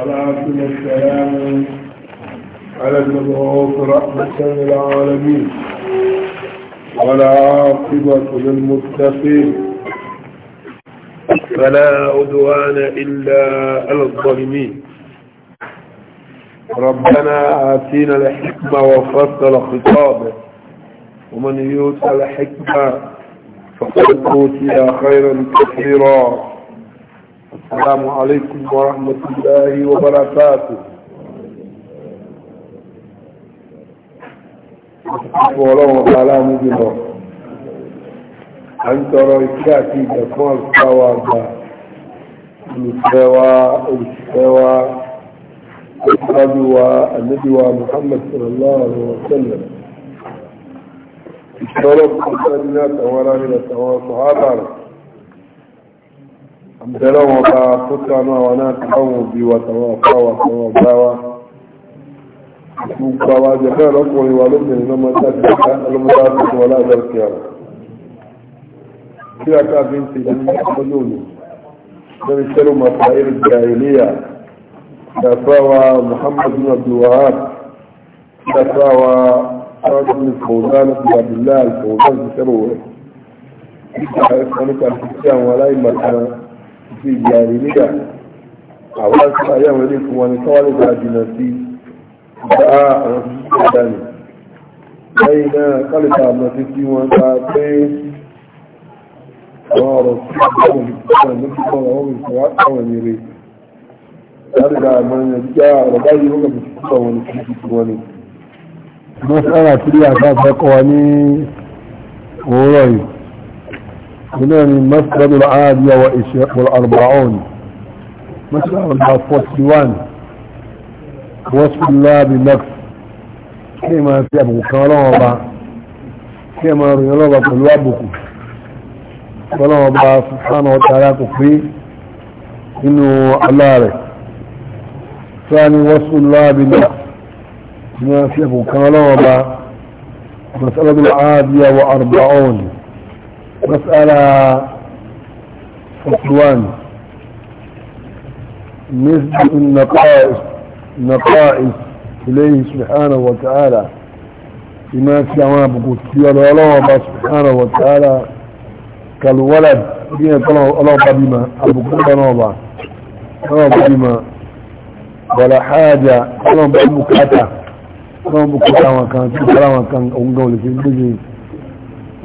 والصلاة والسلام على المبعوث رحمة للعالمين ولا عاقبة للمتقين فلا عدوان إلا على الظالمين ربنا آتينا الحكمة وفصل خطابه ومن يؤتى الحكمة فقد أوتي خيرا كثيرا السلام عليكم ورحمة الله وبركاته ولو على مجمع أنت رأيكاتي جفوان سوابا المستوى المستوى النبي النبي محمد صلى الله عليه وسلم الشرف الناس وراني لتوان صحابه سلام وطاعة سلام وناكم بوتوا وطاوة وطاوة وطاوة جهر أقوى والمن لما تأتي المتابس ولا ذلك يا رب كيف أنت جميع مجوني سنة سلم أطائر الجاهلية سفاوة محمد بن عبد الوهاب سفاوة رجل الفوزان بن عبد الله الفوزان بن سلوه إذا كانت الفتيان ولا إما الحرام ti ìyàrí nígbà àwọn àti ayé àwọn ilé fún wọn ni kọ́wọ́ lè gba jìnnà sí bá àwọn tó ti dá nì lẹ́yìn náà kálífà àmọ́ sí sí wọn gba pé àwọn ọ̀rọ̀ sí àwọn olùkọ́ ní kíkọ́ àwọn olùkọ́ àwọn ìrè kálífà àmọ́ yẹn já ọ̀rọ̀ báyìí wọ́n kàbí sí kíkọ́ wọn ní ni. mo sára sí àgbà ní òwúrọ̀ yìí هنا من مسجد العادية والأربعون مسجد الأربعون وصف الله بالنفس كما تبقى الله كما ريالوبا قلوبكم قلوبا سبحانه وتعالى كفري إنه الله ثاني وصف الله بالنفس كما تبقى الله مسألة العادية وأربعون مسألة فطوان نسبة النقائص نقائص إليه سبحانه وتعالى بما كما بقول الله سبحانه وتعالى كالولد بين الله بما أبو كل نوبة نوبة بما ولا حاجة الله بمكاتة الله بمكاتة وكان كلام كان أنقول في البجي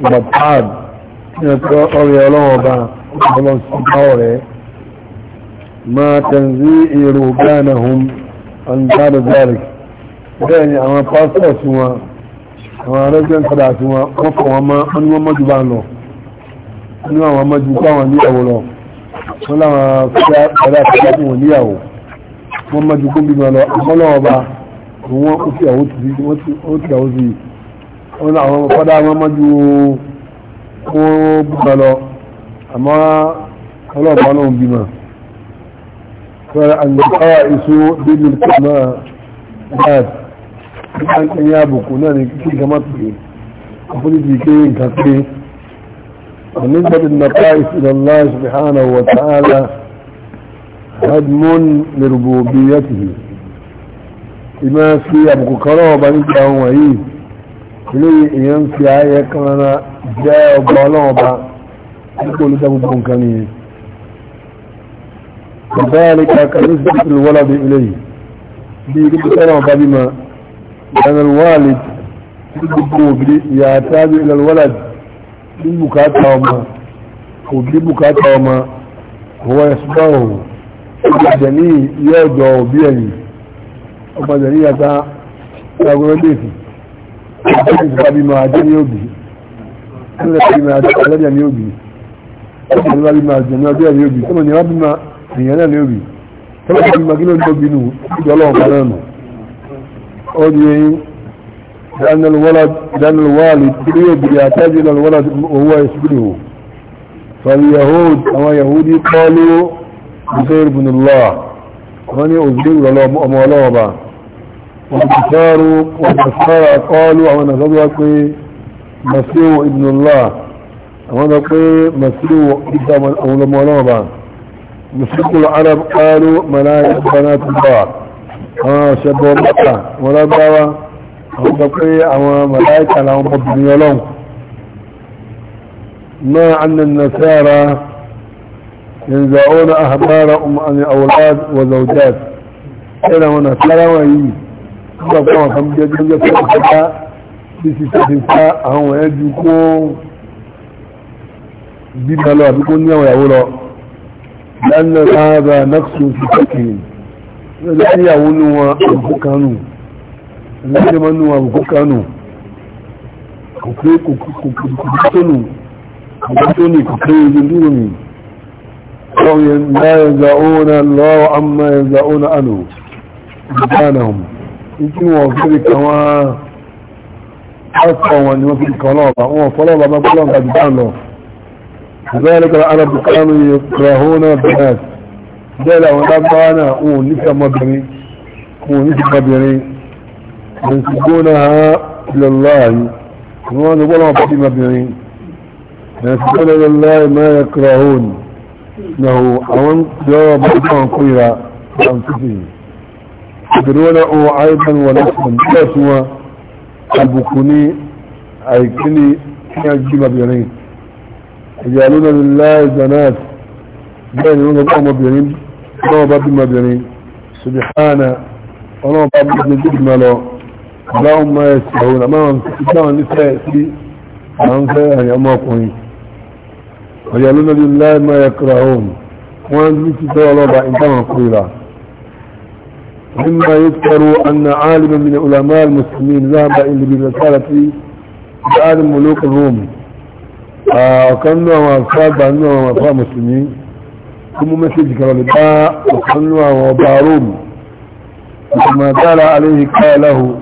وبطعاد ẹ̀kọ́ ọ̀rẹ́ ọlọ́wọ̀ba ọlọ́sọ̀bá ọ̀rẹ́ ma tẹ̀nzí èrò gánà hùn ọ̀nàdà zalik bẹ́ẹ̀ ni àwọn pásítọ̀ sí wọn àwọn arẹ́gbẹ́ nkọ́dà sí wọn wọ́n fọ wọn mọ́ wọn ni wọ́n mọ́jú bá ń lọ wọ́n ni wọ́n mọ́jú bá wọn níyàwó lọ wọ́n láwọn fúlá padà fúlá fún wọn níyàwó wọ́n mọ́jú kó bímọ kó búra lọ àmọ́ ọlọ́ọ̀bá náà bímọ fẹ́rẹ̀ àgbẹ̀kára èso bíbí kàmá bad nígbà ń kẹ́yìn àbùkù náà ní kí nǹkan má pè é àfojúdi pé nǹkan pé بالنسبة للنقائص إلى الله سبحانه وتعالى هدم لربوبيته لما في أبو كرابة نجده وعيه eléyìí èèyàn ń fi ààyè kan rárá jẹ́ ọgbà ọlọ́run ọba nípa olùdá gbogbo nǹkan nìyẹn bàbá àríkà kàlí sípìtì wọ́lá bí eléyìí bí i kíkọ́ ọlọ́run ọba bímọ ìyànàlù wàhálì tí gbogbo òbí ìyá àtàbí ìlànà wọ́lá bí bùkátà ọmọ òbí bùkátà ọmọ òwò ẹ̀sùgbọ́n òwò ọba jẹ̀ní yóò òbí ẹ̀yìn ọba jẹ̀ní yàtá ìyàgò ẹgbẹ̀ẹ́sì ọdún ìjọba bí máa jẹ́ ní òbí ẹlẹ́sẹ̀ bí máa jẹ́ ọlọ́dẹ̀ ní òbí ọdún ìjọba bí máa jẹ́ ní ọdún ní òbí tọ́mọ̀ ní wọ́n bí máa èèyàn náà ní òbí tọ́mọ̀ bí máa kí ló ń tó bínú ìjọ ọlọ́run kan náà nù ó di eyín daniel wallad daniel wallad tí yóò bìrì àtẹ́jú daniel wallad owó ẹ̀sìkìrì o fàlì yahood àwọn yahudi kọ́lú ọ̀sẹ̀ ìrìbùnúlọ́wà wọ́n ní òbí ọmọ ọlọ́wọ́ bá والكفار والنصارى قالوا او نصارى قي مسيح ابن الله او نقي مسيح ابن المولوبا مشرك العرب قالوا ملائكة بنات الله ها آه، شبه مكة ولا دعوة او نقي او ملائكة لهم الدنيا لهم ما عن النصارى ينزعون أهبارهم عن الاولاد وزوجات هنا ونصارى وهي nígbà tó àwọn kan jẹ́ tó jẹ́ fún ìfẹ́ká bí ti ṣe ti fa àwọn ẹ̀ ju kó bímọ lọ àbí kó ní àwọn ìyàwó lọ lẹ́nu káàbà náksù ti fẹ́kìrì lẹ́nu ìyàwó nù wọn àbùkù kanù lẹ́nu ìyàwó nù wọn àbùkù kanù kò pé kò tó nù kò tó nì kò pé ibi dúró nì قوم لا يزعون الله عما يزعون عنه سبحانهم ìtí wọn fẹ́rẹ̀ kan wọ́n ọ̀pọ̀ wọn ni wọ́n fi kan lọ́ọ̀bá wọn fọ́lọ́ọ̀bá bá gbọ́lọ́ ọ̀gá jùlọ lọ ذلك العرب كانوا يكرهون البنات bẹ́ẹ̀ làwọn lágbára náà wọn ò nífẹ̀ẹ́ ọmọbìnrin wọn ò nífẹ̀ẹ́ ọmọbìnrin wọn sì gbóná ha lọ́láàyè ni wọ́n ń gbọ́dọ̀ ọ̀pọ̀ sí ọmọbìnrin wọn sì gbóná lọ́láàyè máa yẹ kúrò àwọn náà àwọn ń lọ́wọ́ bá ń kó ìra àwọn tó fi yìí. ìdúrónà ohun àìbọn wọn lọ́sùn bẹ́ẹ̀ tí wọ́n àbùkù ní àìkí ní kí a jí ọmọbìnrin ìyá lónà láì zanat bẹ́ẹ̀ ni wọ́n gbọ́ ọmọbìnrin lọ́wọ́ bá bí ọmọbìnrin subhana ọlọ́wọ́ bá bí ọmọbìnrin bí lọ bá ọmọ ẹ̀sìn ọ̀hún àmọ́ ìgbàwọn nífẹ̀ sí àwọn fẹ́ àyà ọmọkùnrin ọ̀yà lónà láì máa yẹ kúrò àwọn wọn ní ti fẹ́ ọlọ́ba ìgbàwọn kúrò مما يذكر أن عالما من علماء المسلمين ذهب إلى برسالة بآل ملوك الروم آه، وكانوا وفاد أنه وفاة مسلمين ثم مسجد كالباء وكانوا وفاة روم وما قال عليه قال له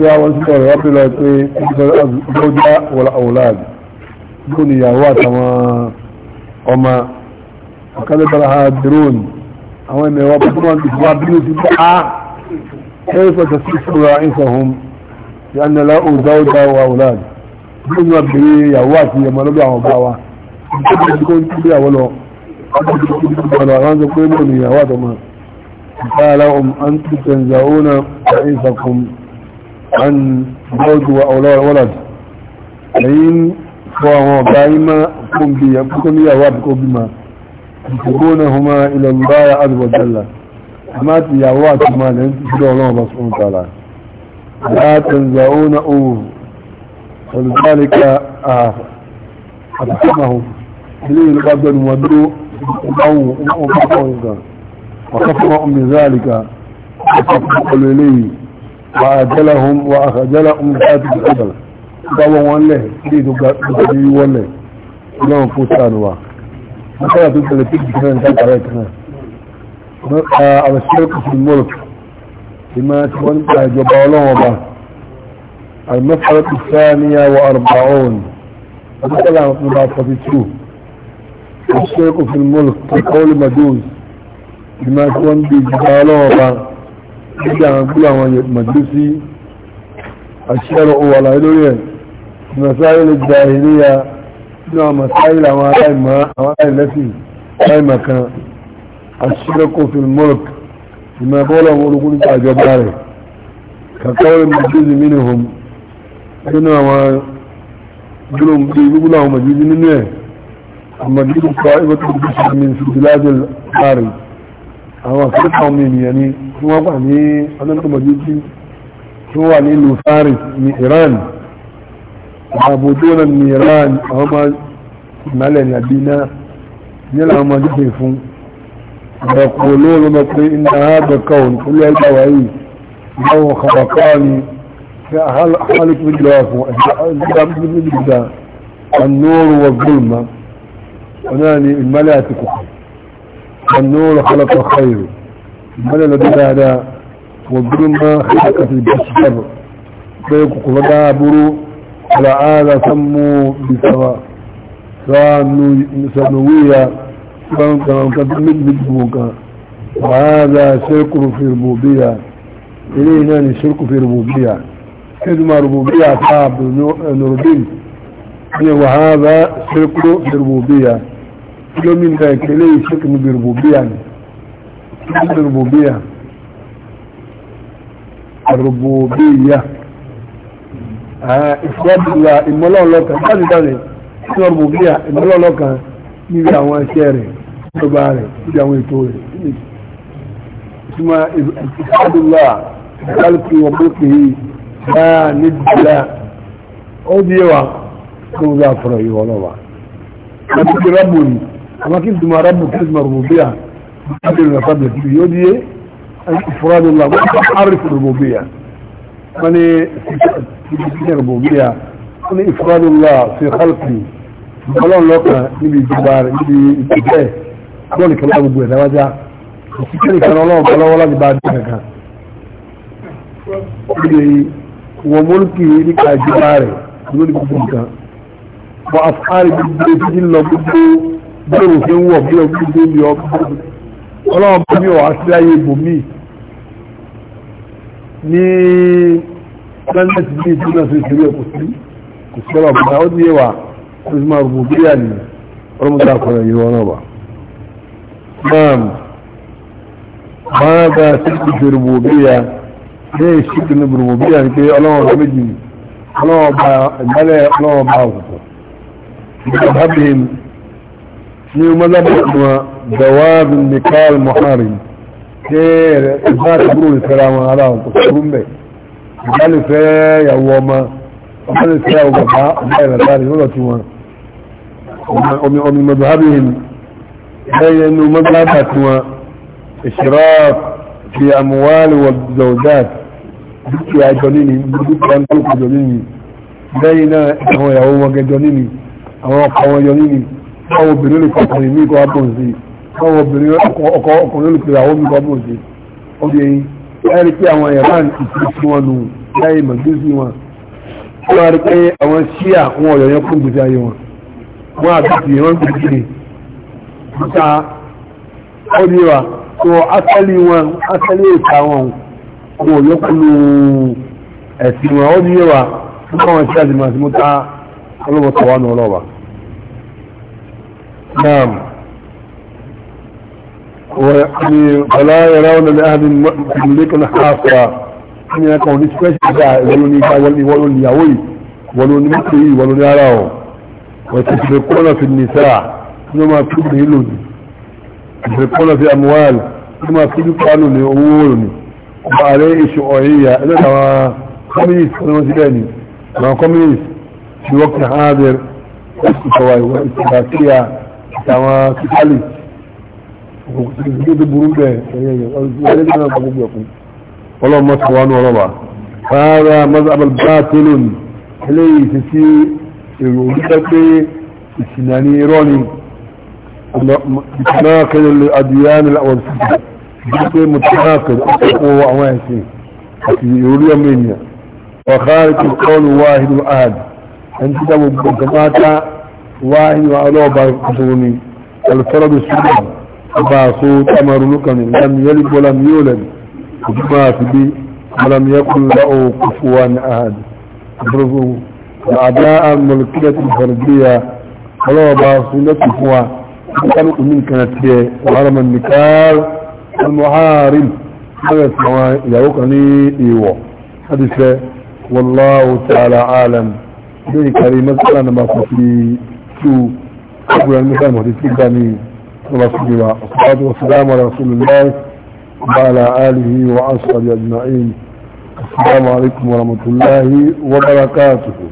يا وانسكر رب العطي الزوجة والأولاد يا واتما وما وكذب لها الدرون àwọn ẹ̀mẹ̀ wọn bá wọn ti wá bínú sí pé a ẹ̀rọ sọ̀tọ̀ sí ìfúnra ìfọ̀hún ti ànàlá òòdà òòdà wa òòlà bí wọn bèrè ìyàwó àti ọmọ lọ́gbà àwọn ọba wa nítorí tí kò ń ìyàwó lọ wọ́n ti tún ìyàwó lọ àwọn sọ pé mò ní ìyàwó àtọmọ قال هم أنتم تنزعون رئيسكم عن زوج وأولاد ولد ẹ̀yin fọ àwọn ọ̀gá yín máa kó ń bí ìyàwó àbíkó bímọ يتقونهما إلى الله عز وجل ما تيعوات ما لهم تشدوا الله سبحانه وتعالى لا تنزعون أوه ولذلك أتحمهم إليه القبض المدلو وكفرهم بذلك وكفرهم إليه وأجلهم وأخجلهم لحياة القبل قالوا وان له يريدوا قد يوان له لهم فوتان واحد مسألة البلتيك بكثيرا كانت عليها كثيرا على الشرق في الملك لما تكون جبالهم المسألة الثانية وأربعون المسألة في الشرق في الملك كقول مجوز لما تكون بجبالهم يجعل كلهم مجوسي الشرع ولا يدوين مسائل الجاهلية nínú àwọn masáyìí àwọn aláìmọ́ àwọn aláìlẹ́sìn aláìmọ̀ kan aṣílẹ̀kọ̀ fìlmọ́ọ̀k ìmọ̀ bọ́ọ̀lù àwọn ológun nípa àjọba rẹ̀ kàkọ́ ìmọ̀júzi nínú hom nínú àwọn gbólóhùn bí gbogbo àwọn mọ̀júzi nínú ẹ̀ àmọ̀júzi kọ́ ìwọ́tò bí sàmì ìfìdílájọ láàrin àwọn akẹ́kọ̀ọ́ àwọn ènìyàn ni wọ́n wà ní ọdún tó mọ̀júzi tí wà ní ìlú ní Iran يعبدون النيران هما مال نبينا يلا هما جفن يقولون مطلئ إن هذا كون كل البوائي لو خلقاني فهل خلق من جوافه النور والظلمة وناني الملائكة خير النور خلق الخير الملائكة هذا والظلمة خلقت البشر بيكو قلنا برو على هذا سموا بسواء سنوية وهذا شرك في الربوبية إلينا الشرك في ربوبية كلمة ربوبية صعب نربي وهذا شرك في الربوبية كل من ذلك إليه شرك بالربوبية الربوبية الربوبية ìfọ́dúnla ìmọ́lọ́ọ̀lọ́kan láti dáre tí wọ́n mú bí i ìmọ́lọ́ọ̀lọ́kan níbi àwọn iṣẹ́ rẹ̀ ìjọba rẹ̀ níbi àwọn ètò rẹ̀ ìtumọ̀ ìfọ́dúnla ìkálùkù wọn bó pè é báyà ó bí wa kí wọ́n bá fọ̀rọ̀ ìwọ lọ́wọ́ àti ti rábù ni àmọ́ kí n tuma rábù kí n tuma rùbùbíà láti rìn lọ́fà bẹ̀rẹ̀ tìbí yóò di yé ìfọ́dúnla wọ́n ti في الربوبية قل إفراد الله في خلقه بلون لوكا نبي جبار نبي إتجاه قولي كلام أبوه دواجع وكذلك أنا الله بلا ولا جبار دواجع وملكه لك جبار قولي بجبار وأفعال بجبار جل بجبار bẹ́ẹ̀rù fi ń wọ̀ bí ọdún tó ní ọdún ọlọ́run bí mi ò wá sí ayé ibòmíì ní sannan su ji suna su shirya kusi ku saba ba wani yawa su zama rububiya ne wani mutu kwanar yi wani ba ma'am ba ga sirri fi rububiya ne shi ne rububiya ne ke alawar da miji alawar ba mala alawar ba ku da habbihim shi maza ba kuma jawabin nikal muharim ke ba ta buru da sarama alawar ku bai ọba lè fẹ́ ìyàwó ọmọ ọba lè fẹ́ ìyàwó bàbá ọba ìrànlá rẹ̀ lọ́dọ̀ tí wọn omi omi mọ̀dọ̀ hábìhìn lẹ́yìn ẹnu mọ́gbàgbà tí wọn ìṣirọ́ fi àmúwálì wọ zọ̀dáàt dúkìá jọ nínú dúkìá ń tó jọ nínú lẹ́yìn náà àwọn ìyàwó wọn gẹjọ nínú àwọn ọkọ wọn jọ nínú àwọn obìnrin lè fọkùnrin ẹ̀rí pé àwọn iran ìtìsí wọn nù láyé màgbésí wọn wọ́n rí pé àwọn ṣíà wọn ọ̀yọ̀ yẹn kún gbèsè ayé wọn wọ́n àbìtì wọn gbèsè ní ìta ọdíwà tó asẹ́lì wọn asẹ́lì ìta wọn wọn ọ̀yọ̀ kúlù ẹ̀sìn wọn ọdíwà fún àwọn ṣíà ti máa ti mú ta ọlọ́wọ́ tọ́wọ́ nù ọlọ́wà. Naam. ويعني ولا يرون لأهل الملك حاصرا أن يكون نسبش جاء ولوني كا ولي ولوني يوي ولوني مكري ولوني أراه وتشركون في النساء كما تبهلون تشركون في أموال كما تبهلون لأولون وعليه شعورية إذا كما كوميس كما تباني كما كوميس في وقت حاضر وقت شوائي وإستباسية كما تباليس gbogbo burú bẹ́ẹ̀ ọlọ́mọ ti wọnú ọlọ́ba fara mazabal batilun eléyìí ti sí èrò orílẹ̀ pé ìsìnà ní irọ́ ni ìtìmákẹ́lẹ̀ adìyàní àwọn ìsìnkú pé mùtìmákẹ́lẹ̀ ọkọ̀ àwọn ẹ̀sìn àti ìròrí ọmọ ènìyàn ọ̀kárí kí kọ́ọ̀lù wáhìdù ahad ẹni tí dábò gbọ̀gbọ̀mátá wáhìdù ọlọ́ọ̀bá kùsùrù ni alfẹ́rọ̀dù sùgbọ̀n ba so tamaru lukan lam yalid wa lam yulad kuma fi bi lam yakun lahu kufuwan ahad burbu ada'a mulkiyat al-fardiyya wala ba sunnati kuwa kan min kana tiye haram an-nikah al-muharim hada sawa ya wakani iwo hadise wallahu ta'ala alam dai karimat kana ma fi tu abu al-muhammad fi dani ورسولنا الصلاة والسلام على رسول الله وعلى آله وأصحابه أجمعين السلام عليكم ورحمة الله وبركاته